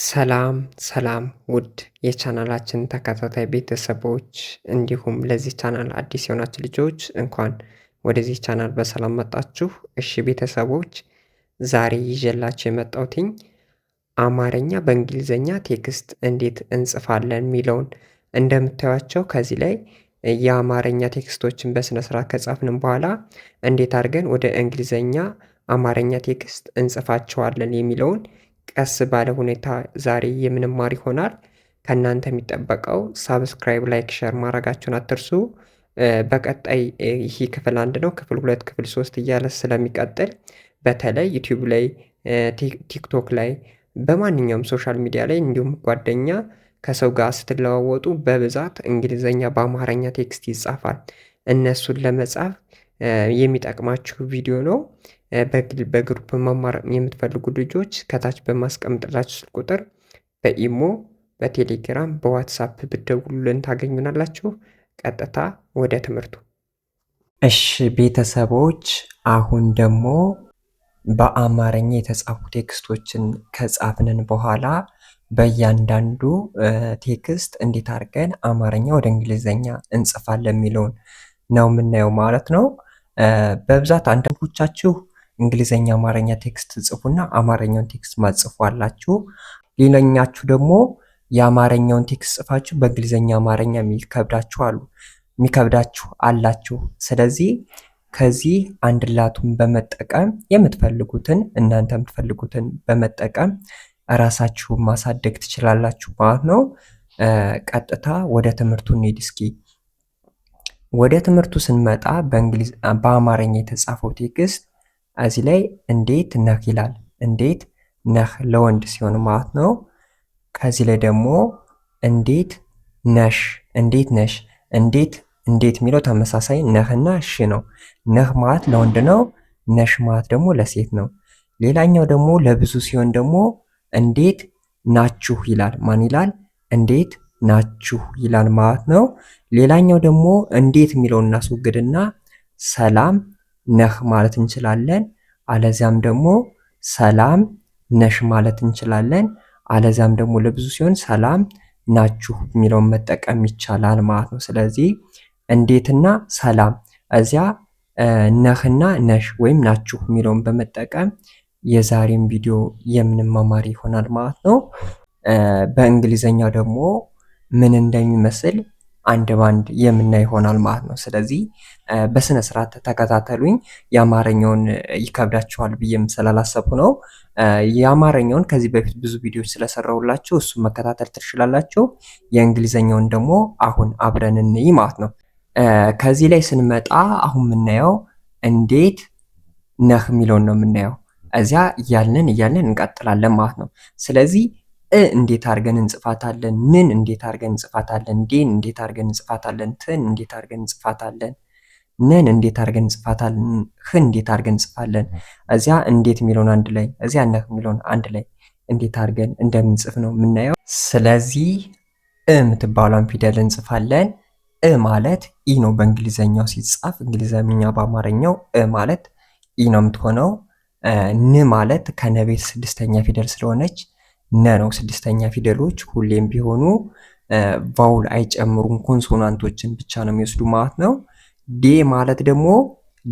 ሰላም ሰላም ውድ የቻናላችን ተከታታይ ቤተሰቦች እንዲሁም ለዚህ ቻናል አዲስ የሆናችሁ ልጆች እንኳን ወደዚህ ቻናል በሰላም መጣችሁ። እሺ ቤተሰቦች ዛሬ ይዤላችሁ የመጣሁትኝ አማርኛ በእንግሊዝኛ ቴክስት እንዴት እንጽፋለን የሚለውን እንደምታዩቸው ከዚህ ላይ የአማርኛ ቴክስቶችን በስነስርዓት ከጻፍንም በኋላ እንዴት አድርገን ወደ እንግሊዝኛ አማርኛ ቴክስት እንጽፋቸዋለን የሚለውን ቀስ ባለ ሁኔታ ዛሬ የምንማር ይሆናል። ከእናንተ የሚጠበቀው ሳብስክራይብ፣ ላይክ፣ ሸር ማድረጋችሁን አትርሱ። በቀጣይ ይህ ክፍል አንድ ነው። ክፍል ሁለት፣ ክፍል ሶስት እያለ ስለሚቀጥል በተለይ ዩቲዩብ ላይ፣ ቲክቶክ ላይ፣ በማንኛውም ሶሻል ሚዲያ ላይ እንዲሁም ጓደኛ ከሰው ጋር ስትለዋወጡ በብዛት እንግሊዝኛ በአማርኛ ቴክስት ይጻፋል። እነሱን ለመጻፍ የሚጠቅማችሁ ቪዲዮ ነው። በግል በግሩፕ መማር የምትፈልጉ ልጆች ከታች በማስቀምጥላችሁ ስልክ ቁጥር በኢሞ፣ በቴሌግራም፣ በዋትሳፕ ብደውሉልን ታገኙናላችሁ። ቀጥታ ወደ ትምህርቱ። እሺ ቤተሰቦች፣ አሁን ደግሞ በአማርኛ የተጻፉ ቴክስቶችን ከጻፍንን በኋላ በእያንዳንዱ ቴክስት እንዴት አድርገን አማርኛ ወደ እንግሊዝኛ እንጽፋለን የሚለውን ነው የምናየው ማለት ነው። በብዛት አንዳንዶቻችሁ እንግሊዘኛ አማርኛ ቴክስት ጽፉና አማርኛውን ቴክስት ማጽፉ አላችሁ። ሌላኛችሁ ደግሞ የአማርኛውን ቴክስት ጽፋችሁ በእንግሊዘኛ አማርኛ የሚከብዳችሁ አሉ የሚከብዳችሁ አላችሁ። ስለዚህ ከዚህ አንድ ላቱን በመጠቀም የምትፈልጉትን እናንተ የምትፈልጉትን በመጠቀም እራሳችሁን ማሳደግ ትችላላችሁ ማለት ነው። ቀጥታ ወደ ትምህርቱ እንሂድ እስኪ። ወደ ትምህርቱ ስንመጣ በአማርኛ የተጻፈው ቴክስት እዚህ ላይ እንዴት ነህ ይላል። እንዴት ነህ ለወንድ ሲሆን ማለት ነው። ከዚህ ላይ ደግሞ እንዴት ነሽ፣ እንዴት ነሽ፣ እንዴት እንዴት የሚለው ተመሳሳይ ነህና እሺ ነው። ነህ ማለት ለወንድ ነው። ነሽ ማለት ደግሞ ለሴት ነው። ሌላኛው ደግሞ ለብዙ ሲሆን ደግሞ እንዴት ናችሁ ይላል። ማን ይላል? እንዴት ናችሁ ይላል ማለት ነው። ሌላኛው ደግሞ እንዴት የሚለውን እናስወግድና ሰላም ነህ ማለት እንችላለን። አለዚያም ደግሞ ሰላም ነሽ ማለት እንችላለን። አለዚያም ደግሞ ለብዙ ሲሆን ሰላም ናችሁ የሚለውን መጠቀም ይቻላል ማለት ነው። ስለዚህ እንዴትና ሰላም እዚያ ነህና ነሽ ወይም ናችሁ የሚለውን በመጠቀም የዛሬን ቪዲዮ የምንማማር ይሆናል ማለት ነው። በእንግሊዘኛ ደግሞ ምን እንደሚመስል አንድ ባንድ የምናይ ይሆናል ማለት ነው። ስለዚህ በስነ ስርዓት ተከታተሉኝ። የአማርኛውን ይከብዳችኋል ብዬም ስላላሰቡ ነው። የአማርኛውን ከዚህ በፊት ብዙ ቪዲዮዎች ስለሰራሁላችሁ እሱን መከታተል ትችላላችሁ። የእንግሊዘኛውን ደግሞ አሁን አብረን እንይ ማለት ነው። ከዚህ ላይ ስንመጣ አሁን የምናየው እንዴት ነህ የሚለውን ነው የምናየው። እዚያ እያልን እያልንን እንቀጥላለን ማለት ነው። ስለዚህ እ እንዴት አድርገን እንጽፋታለን? ንን እንዴት አድርገን እንጽፋታለን? ዴን እንዴት አድርገን እንጽፋታለን? ትን እንዴት አድርገን እንጽፋታለን? ነን እንዴት አድርገን እንጽፋታለን? ህ እንዴት አድርገን እንጽፋለን? እዚያ እንዴት የሚለውን አንድ ላይ እዚያ ነህ የሚለውን አንድ ላይ እንዴት አድርገን እንደምንጽፍ ነው የምናየው። ስለዚህ እ የምትባሏን ፊደል እንጽፋለን። እ ማለት ኢ ነው በእንግሊዘኛው ሲጻፍ፣ እንግሊዘኛ በአማርኛው እ ማለት ኢ ነው የምትሆነው። ን ማለት ከነቤት ስድስተኛ ፊደል ስለሆነች ነ ነው። ስድስተኛ ፊደሎች ሁሌም ቢሆኑ ቫውል አይጨምሩም። ኮንሶናንቶችን ብቻ ነው የሚወስዱ ማለት ነው። ዴ ማለት ደግሞ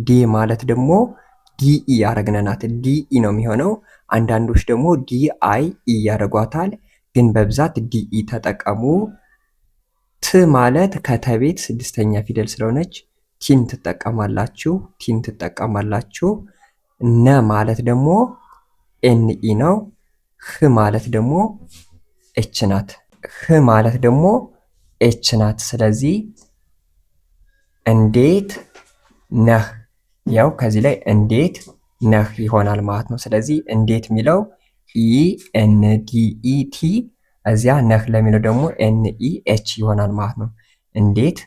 ዴ ማለት ደግሞ ዲኢ ያደረግነናት ዲኢ ነው የሚሆነው። አንዳንዶች ደግሞ አይ ኢ ያደርጓታል፣ ግን በብዛት ዲኢ ተጠቀሙ። ት ማለት ከተቤት ስድስተኛ ፊደል ስለሆነች ቲን ትጠቀማላችሁ፣ ቲን ትጠቀማላችሁ። ነ ማለት ደግሞ ኤንኢ ነው። ህ ማለት ደግሞ ኤች ናት። ህ ማለት ደግሞ ኤች ናት። ስለዚህ እንዴት ነህ፣ ያው ከዚህ ላይ እንዴት ነህ ይሆናል ማለት ነው። ስለዚህ እንዴት የሚለው ኢ እዚያ ነህ ለሚለው ደግሞ ኤን ይሆናል ማለት ነው። እንዴት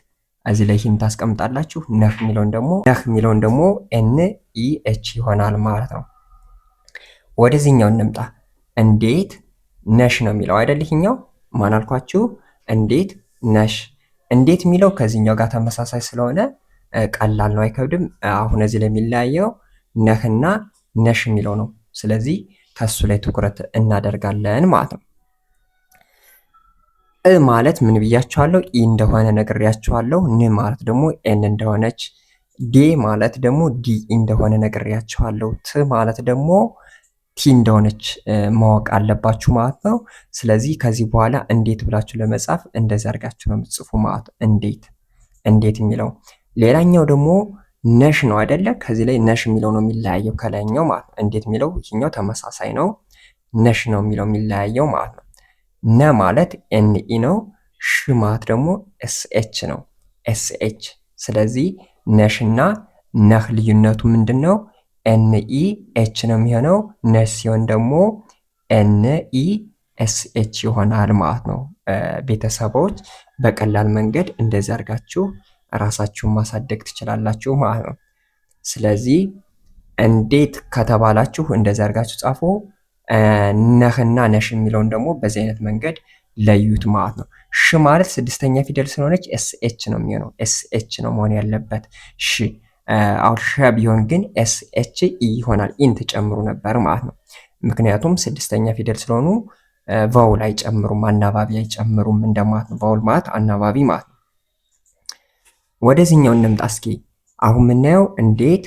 እዚህ ላይ ይህን ታስቀምጣላችሁ። ነህ የሚለውን ደግሞ ነህ የሚለውን ደግሞ ኤን ይሆናል ማለት ነው። ወደዚህኛው እንምጣ። እንዴት ነሽ ነው የሚለው አይደል? ይሄኛው ማን አልኳችሁ? እንዴት ነሽ። እንዴት የሚለው ከዚህኛው ጋር ተመሳሳይ ስለሆነ ቀላል ነው፣ አይከብድም። አሁን እዚህ ላይ የሚለያየው ነህና ነሽ የሚለው ነው። ስለዚህ ከሱ ላይ ትኩረት እናደርጋለን ማለት ነው። እ ማለት ምን ብያችኋለሁ? ኢ እንደሆነ ነግሬያችኋለሁ። ን ማለት ደግሞ ኤን እንደሆነች፣ ዴ ማለት ደግሞ ዲ እንደሆነ ነግሬያችኋለሁ። ት ማለት ደግሞ ቲ እንደሆነች ማወቅ አለባችሁ ማለት ነው። ስለዚህ ከዚህ በኋላ እንዴት ብላችሁ ለመጻፍ እንደዚህ አድርጋችሁ ነው የምትጽፉ ማለት ነው። እንዴት እንዴት የሚለው ሌላኛው ደግሞ ነሽ ነው አይደለ? ከዚህ ላይ ነሽ የሚለው ነው የሚለያየው ከላይኛው ማለት ነው። እንዴት የሚለው ይህኛው ተመሳሳይ ነው። ነሽ ነው የሚለው የሚለያየው ማለት ነው። ነ ማለት ኤንኢ ነው። ሽ ማለት ደግሞ ኤስኤች ነው ኤስኤች። ስለዚህ ነሽና ነህ ልዩነቱ ምንድን ነው? ኤን ኢ ኤች ነው የሚሆነው። ነ ሲሆን ደግሞ ኤን ኢ ኤስ ኤች ይሆናል ማለት ነው። ቤተሰቦች በቀላል መንገድ እንደዚህ አድርጋችሁ ራሳችሁን ማሳደግ ትችላላችሁ ማለት ነው። ስለዚህ እንዴት ከተባላችሁ እንደዚህ አድርጋችሁ ጻፉ። ነህና ነሽ የሚለውን ደግሞ በዚህ አይነት መንገድ ለዩት ማለት ነው። ሽ ማለት ስድስተኛ ፊደል ስለሆነች ኤስኤች ነው የሚሆነው። ኤስኤች ነው መሆን ያለበት ሽ አውርሻ ቢሆን ግን ኤስ ኤች ኢ ይሆናል። ኢን ትጨምሩ ነበር ማለት ነው። ምክንያቱም ስድስተኛ ፊደል ስለሆኑ ቫውል አይጨምሩም፣ አናባቢ አይጨምሩም እንደማለት ነው። ቫውል ማለት አናባቢ ማለት ነው። ወደዚህኛው እንምጣ እስኪ። አሁን የምናየው እንዴት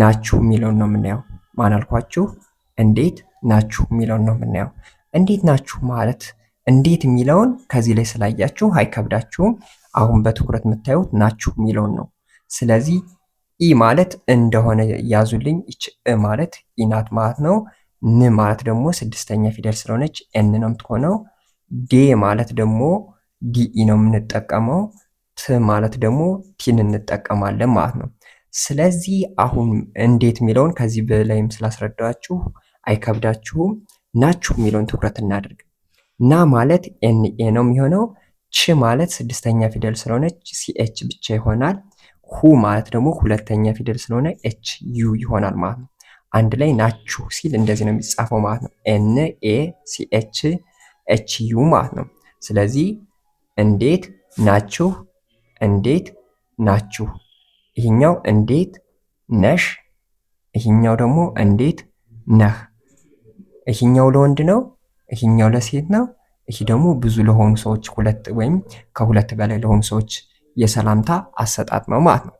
ናችሁ የሚለውን ነው የምናየው። ማን አልኳችሁ? እንዴት ናችሁ የሚለውን ነው የምናየው። እንዴት ናችሁ ማለት እንዴት የሚለውን ከዚህ ላይ ስላያችሁ አይከብዳችሁም። አሁን በትኩረት የምታዩት ናችሁ የሚለውን ነው። ስለዚህ ኢ ማለት እንደሆነ ያዙልኝ። ይች እ ማለት ኢናት ማለት ነው። ን ማለት ደግሞ ስድስተኛ ፊደል ስለሆነች ኤን ነው የምትሆነው። ዴ ማለት ደግሞ ዲኢ ነው የምንጠቀመው። ት ማለት ደግሞ ቲን እንጠቀማለን ማለት ነው። ስለዚህ አሁን እንዴት የሚለውን ከዚህ በላይም ስላስረዳችሁ አይከብዳችሁም። ናችሁ የሚለውን ትኩረት እናደርግ ና ማለት ኤንኤ ነው የሚሆነው። ች ማለት ስድስተኛ ፊደል ስለሆነች ሲኤች ብቻ ይሆናል። ሁ ማለት ደግሞ ሁለተኛ ፊደል ስለሆነ ኤች ዩ ይሆናል ማለት ነው። አንድ ላይ ናችሁ ሲል እንደዚህ ነው የሚጻፈው ማለት ነው። ኤን ኤ ሲ ኤች ኤች ዩ ማለት ነው። ስለዚህ እንዴት ናችሁ፣ እንዴት ናችሁ። ይህኛው እንዴት ነሽ፣ ይህኛው ደግሞ እንዴት ነህ። ይህኛው ለወንድ ነው፣ ይህኛው ለሴት ነው። ይህ ደግሞ ብዙ ለሆኑ ሰዎች ሁለት ወይም ከሁለት በላይ ለሆኑ ሰዎች የሰላምታ አሰጣጥ ነው ማለት ነው።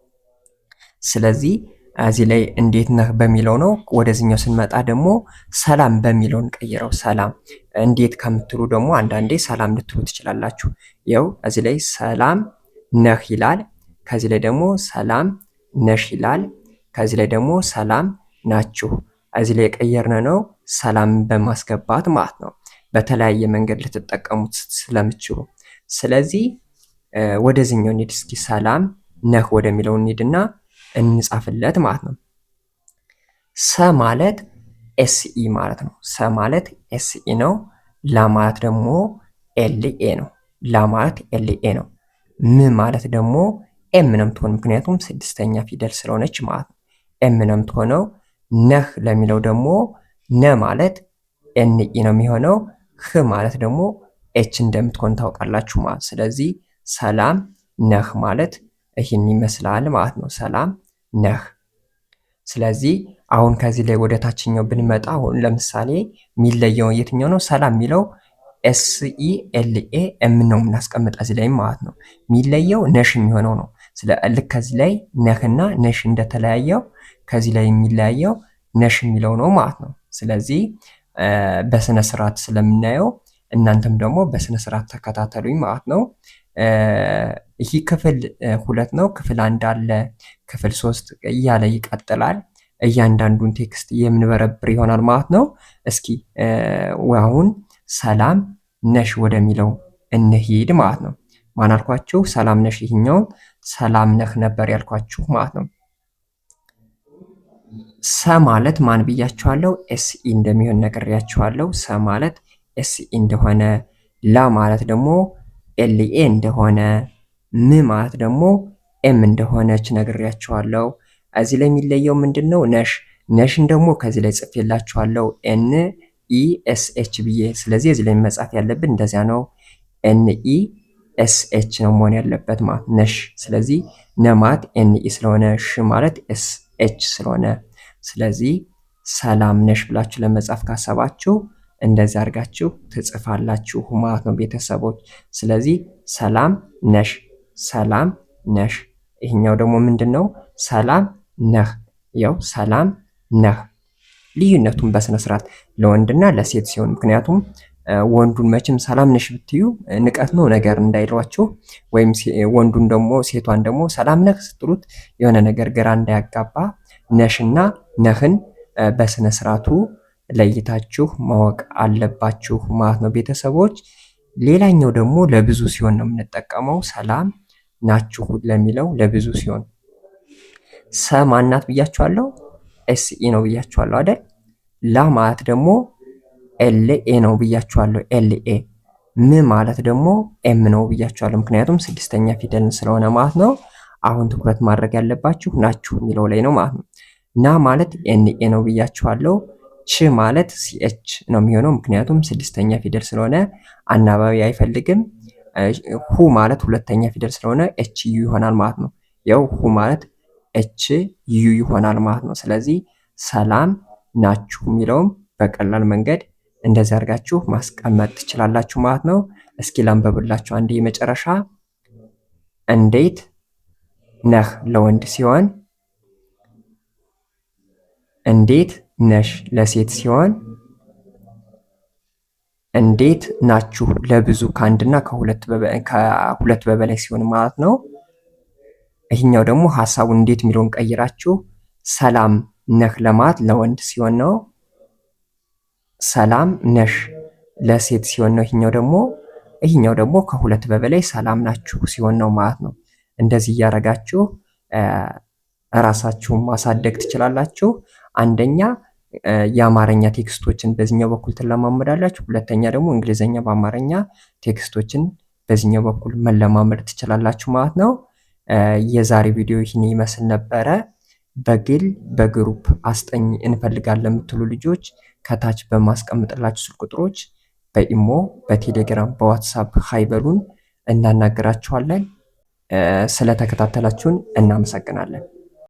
ስለዚህ እዚህ ላይ እንዴት ነህ በሚለው ነው። ወደዚህኛው ስንመጣ ደግሞ ሰላም በሚለውን ቀይረው ሰላም እንዴት ከምትሉ ደግሞ አንዳንዴ ሰላም ልትሉ ትችላላችሁ። ያው እዚህ ላይ ሰላም ነህ ይላል። ከዚህ ላይ ደግሞ ሰላም ነሽ ይላል። ከዚህ ላይ ደግሞ ሰላም ናችሁ። እዚህ ላይ የቀየርነ ነው ሰላም በማስገባት ማለት ነው። በተለያየ መንገድ ልትጠቀሙት ስለምችሉ ስለዚህ ወደዚህኛው እንሂድ እስኪ ሰላም ነህ ወደሚለው እንሂድና እንጻፍለት ማለት ነው። ሰ ማለት ኤስኢ ማለት ነው። ሰ ማለት ኤስኢ ነው። ላ ማለት ደግሞ ኤልኤ ነው። ላ ማለት ኤልኤ ነው። ም ማለት ደግሞ ኤም ነው የምትሆን ምክንያቱም ስድስተኛ ፊደል ስለሆነች ማለት ነው። ኤም ነው የምትሆነው። ነህ ለሚለው ደግሞ ነ ማለት ኤንኢ ነው የሚሆነው። ህ ማለት ደግሞ ኤች እንደምትሆን ታውቃላችሁ ማለት ስለዚህ ሰላም ነህ ማለት ይህን ይመስላል ማለት ነው። ሰላም ነህ። ስለዚህ አሁን ከዚህ ላይ ወደ ታችኛው ብንመጣ አሁን ለምሳሌ የሚለየው የትኛው ነው? ሰላም የሚለው ኤስኢ ኤልኤ ኤም ነው የምናስቀምጠ እዚህ ላይ ማለት ነው። የሚለየው ነሽ የሚሆነው ነው። ስለ ልክ ከዚህ ላይ ነህና ነሽ እንደተለያየው ከዚህ ላይ የሚለያየው ነሽ የሚለው ነው ማለት ነው። ስለዚህ በስነ ስርዓት ስለምናየው እናንተም ደግሞ በስነ ስርዓት ተከታተሉኝ ማለት ነው። ይህ ክፍል ሁለት ነው። ክፍል አንድ አለ፣ ክፍል ሶስት እያለ ይቀጥላል። እያንዳንዱን ቴክስት የምንበረብር ይሆናል ማለት ነው። እስኪ አሁን ሰላም ነሽ ወደሚለው እንሂድ ማለት ነው። ማን አልኳችሁ? ሰላም ነሽ። ይህኛውን ሰላም ነህ ነበር ያልኳችሁ ማለት ነው። ሰ ማለት ማን ብያችኋለሁ? ኤስኢ እንደሚሆን ነግሬያችኋለሁ። ሰ ማለት ኤስኢ እንደሆነ፣ ላ ማለት ደግሞ ኤልኤ እንደሆነ ም ማለት ደግሞ ኤም እንደሆነች ነግሬያችኋለሁ። እዚህ ላይ የሚለየው ምንድን ነው? ነሽ ነሽን ደግሞ ከዚህ ላይ ጽፌላችኋለሁ። ኤን ኢ ኤስ ኤች ብዬ። ስለዚህ እዚህ ላይ መጻፍ ያለብን እንደዚያ ነው። ኤን ኢ ኤስ ኤች ነው መሆን ያለበት ማለት ነሽ። ስለዚህ ነማት ኤን ኢ ስለሆነ ሽ ማለት ኤስ ኤች ስለሆነ ስለዚህ ሰላም ነሽ ብላችሁ ለመጻፍ ካሰባችሁ እንደዚህ አድርጋችሁ ትጽፋላችሁ ማለት ነው ቤተሰቦች። ስለዚህ ሰላም ነሽ፣ ሰላም ነሽ። ይህኛው ደግሞ ምንድን ነው? ሰላም ነህ። ያው ሰላም ነህ። ልዩነቱን በስነስርዓት ለወንድና ለሴት ሲሆን ምክንያቱም ወንዱን መቼም ሰላም ነሽ ብትዩ ንቀት ነው ነገር እንዳይሏችሁ፣ ወይም ወንዱን ደግሞ ሴቷን ደግሞ ሰላም ነህ ስትሉት የሆነ ነገር ግራ እንዳያጋባ ነሽና ነህን በስነ ስርዓቱ ለይታችሁ ማወቅ አለባችሁ ማለት ነው ቤተሰቦች። ሌላኛው ደግሞ ለብዙ ሲሆን ነው የምንጠቀመው። ሰላም ናችሁ ለሚለው ለብዙ ሲሆን ሰ ማናት ብያችኋለሁ፣ ኤስኢ ነው ብያችኋለሁ አይደል? ላ ማለት ደግሞ ኤልኤ ነው ብያችኋለሁ፣ ኤልኤ። ም ማለት ደግሞ ኤም ነው ብያችኋለሁ፣ ምክንያቱም ስድስተኛ ፊደልን ስለሆነ ማለት ነው። አሁን ትኩረት ማድረግ ያለባችሁ ናችሁ የሚለው ላይ ነው ማለት ነው። ና ማለት ኤንኤ ነው ብያችኋለሁ። ች ማለት ሲኤች ነው የሚሆነው፣ ምክንያቱም ስድስተኛ ፊደል ስለሆነ አናባቢ አይፈልግም። ሁ ማለት ሁለተኛ ፊደል ስለሆነ ኤች ዩ ይሆናል ማለት ነው። ያው ሁ ማለት ኤች ዩ ይሆናል ማለት ነው። ስለዚህ ሰላም ናችሁ የሚለውም በቀላል መንገድ እንደዚህ አድርጋችሁ ማስቀመጥ ትችላላችሁ ማለት ነው። እስኪ ላንበብላችሁ አንዴ የመጨረሻ እንዴት ነህ ለወንድ ሲሆን እንዴት ነሽ ለሴት ሲሆን እንዴት ናችሁ ለብዙ ከአንድና ከሁለት በበላይ ሲሆን ማለት ነው። ይህኛው ደግሞ ሀሳቡን እንዴት የሚለውን ቀይራችሁ ሰላም ነህ ለማለት ለወንድ ሲሆን ነው። ሰላም ነሽ ለሴት ሲሆን ነው። ይህኛው ደግሞ ይህኛው ደግሞ ከሁለት በበላይ ሰላም ናችሁ ሲሆን ነው ማለት ነው። እንደዚህ እያደረጋችሁ ራሳችሁን ማሳደግ ትችላላችሁ። አንደኛ የአማርኛ ቴክስቶችን በዚህኛው በኩል ትለማመዳላችሁ። ሁለተኛ ደግሞ እንግሊዘኛ በአማርኛ ቴክስቶችን በዚህኛው በኩል መለማመድ ትችላላችሁ ማለት ነው። የዛሬ ቪዲዮ ይህን ይመስል ነበረ። በግል በግሩፕ አስጠኝ እንፈልጋለን ለምትሉ ልጆች ከታች በማስቀምጥላችሁ ስልክ ቁጥሮች በኢሞ፣ በቴሌግራም፣ በዋትሳፕ ሀይበሉን እናናገራችኋለን። ስለተከታተላችሁን እናመሰግናለን።